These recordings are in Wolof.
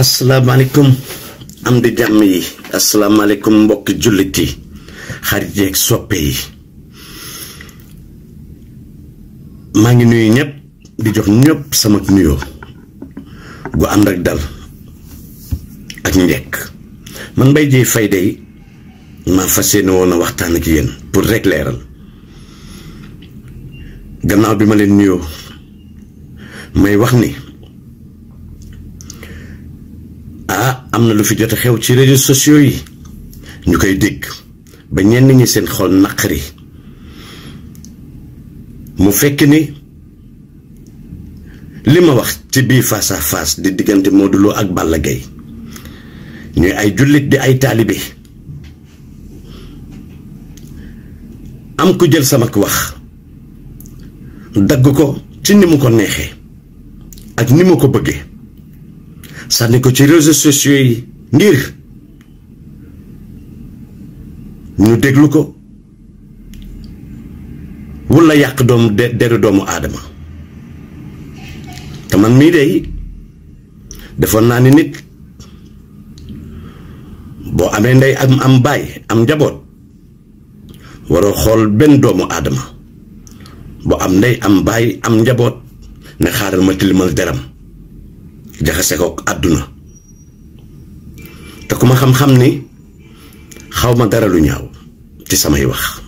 Assalamualaikum, am di jàmm yi assalamualaikum mbok juliti yi xarit yeeg soppe yi maa ngi nuyu ñep di jox ñep sama nuyo gu and ak dal ak ñek man bay jey fayde yi ma wona waxtan ak yeen pour rek leral gannaaw bi ma leen may wax ni. am na lu fi jot a xew ci réseaux sociaux yi ñu koy dégg ba ñenn ñi seen xol naqari mu fekk ni li ma wax ci biir face di diggante Modou Lo ak Balla Gaye ñuy ay jullit di ay taalibe am ku jël sama wax dagg ko ci ni mu ko neexee ak ni mu ko bëggee sànni ko ci réseaux sociaux yi ngir ñu déglu ko wala yàq doomu de deru doomu aadama te man mii dey defoon naa ni nit boo amee ndey am am baay am njaboot waroo xool benn doomu aadama boo am ndey am baay am njaboot ne xaaral ma tilimal deram jaxase ko aduna ta kuma xam-xam ni xawma dara lu ñaaw ci samay wax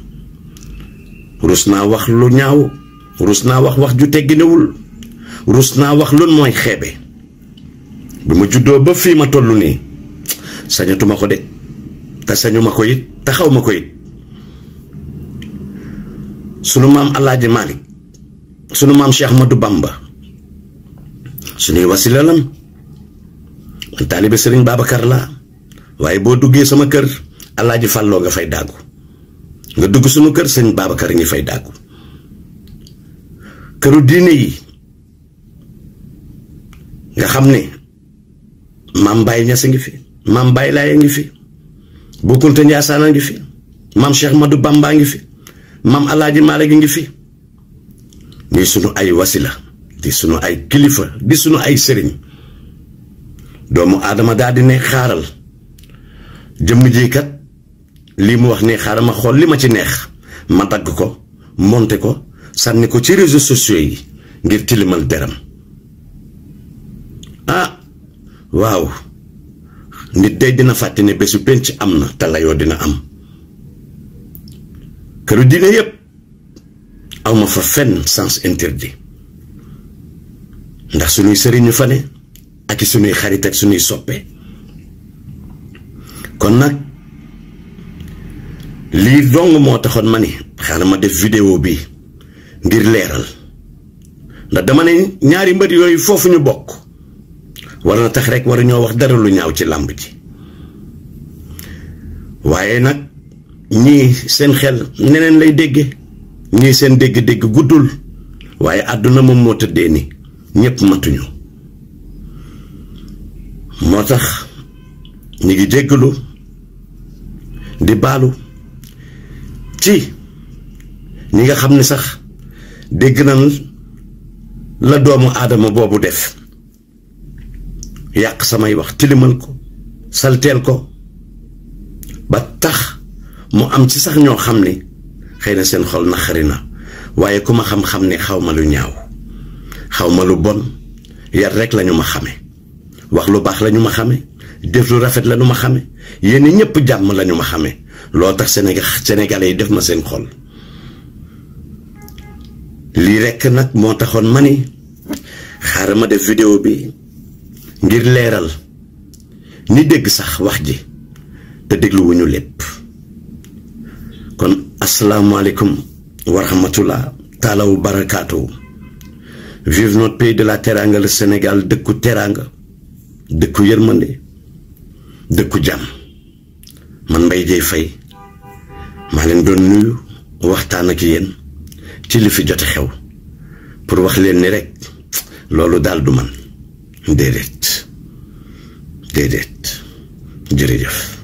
rusna wax lu ñaaw rusna wax wax ju tegginewul wax lun moy xébé bi ma ba fi ma tollu ni sañatuma ko de ta sañuma ko it ta xawma ko it sunu mam alaaji malik sunu mam cheikh bamba sunewa wasila lam man taalibe sëriñ babacar la waaye bo duggé sama kër alaji fallo nga fay dagu nga dugg sunu kër sëriñ babacar ngi fay dagu këru diiné yi nga xamné mam bay fi maam Baye Laye ngi fi Boukounte Ndiassane ngi fi mam Cheikh Madou Bamba ngi fi mam malik ngi fi ni sunu ay wasila di sunu ay kilifa di sunu ay sëriñ doomu aadama daal di ne xaaral jëmm ji kat lii mu wax ne xaaral ma xool li ma ci neex ma dagg ko monte ko sànni ko ci réseaux sociaux yi ngir tilimal deram ah waaw nit day dina fàtte ne bésu penc am na te dina am këru diine yépp awma fa fenn sens interdit ndax suñuy sëriñ ñu fa ne ak i suñuy xarit ak suñuy soppé kon nak li dong mo ma def vidéo bi ngir léral ndax dama né ñaari mbër yoy fofu ñu bok war na tax rek waru ñoo wax dara lu ñaaw ci lamb ji wayé nak ñi seen xel neneen lay déggé ñi seen dégg-dégg guddul aduna mo ni ñëpp matuñu moo tax ñu ngi jéggalu di baalu ci ñi nga xam ni sax dégg nañ la doomu aadama boobu def yàq samay wax tilimal ko salteel ko ba tax mu am ci sax ñoo xam ni xëy na seen xol naqari na waaye ku ma xam-xam ni xawma ma lu ñaaw xawma lu bon yar rek lañu ma xamé wax lu bax lañu ma xamé def lu rafet lañu ma xamé yene ñepp jamm lañu ma xamé lo tax sénégal sénégalais def ma seen xol li rek nak mo taxoon ma ni def vidéo bi ngir léral ni dégg sax wax ji te wuñu lépp kon alaykum wa rahmatullah taala wa barakatuh vive notre pays de la teranga le Sénégal dëkku teranga dëkku yërmande dëkku jàmm man Mbaye Dieye Faye maa leen doon nuyu waxtaan ak yéen ci li fi jote xew pour wax leen ni rek loolu daal du man déedéet déedéet jërëjëf.